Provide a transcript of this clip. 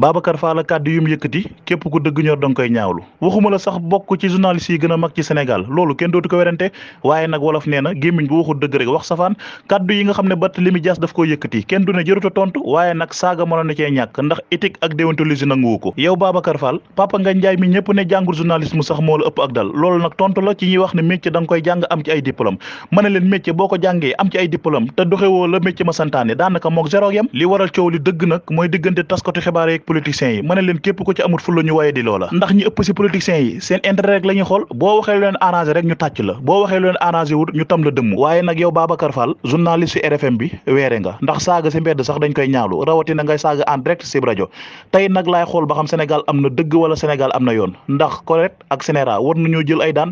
Babacar Fall la kàddu yu mu yëkkati képp ku dëgg ñor danga koy ñaawlu waxuma la sax bokk ci journaliste yi gën a mag ci Sénégal loolu kenn dootu ko werante waaye nag wolof nee na gémmiñ bu waxul yi xam ne Barthélémy Dias daf koo yëkkati kenn du ne jëruta tontu waaye nag saaga mënoon na cee ñàkk ndax éthique ak déontologie nanguwu ko yow Babacar Fall Papa Ngagne Ndiaye mi ñëpp ne jàngul journaliste mu am ci ay diplôme ma ne leen ma santaane daanaka mook zéro li waral coow dëgg nag mooy diggante taskatu xibaar politiciens yi ma ne leen képp ko ci amut fu ñu waaye di loola ndax ñi ëpp si yi seen intérêt rek la xool boo waxee lu leen rek ñu tàcc la boo waxee lu leen wut ñu tam dëmm waaye nag yow Babacar Fall journaliste si RFM bi weere ndax saaga si mbedd sax dañ koy ñaawlu rawatina saaga en direct si rajo nag laay xool ba Sénégal am na dëgg wala Sénégal am na yoon ndax correct ak sénéra war nañoo jël ay daan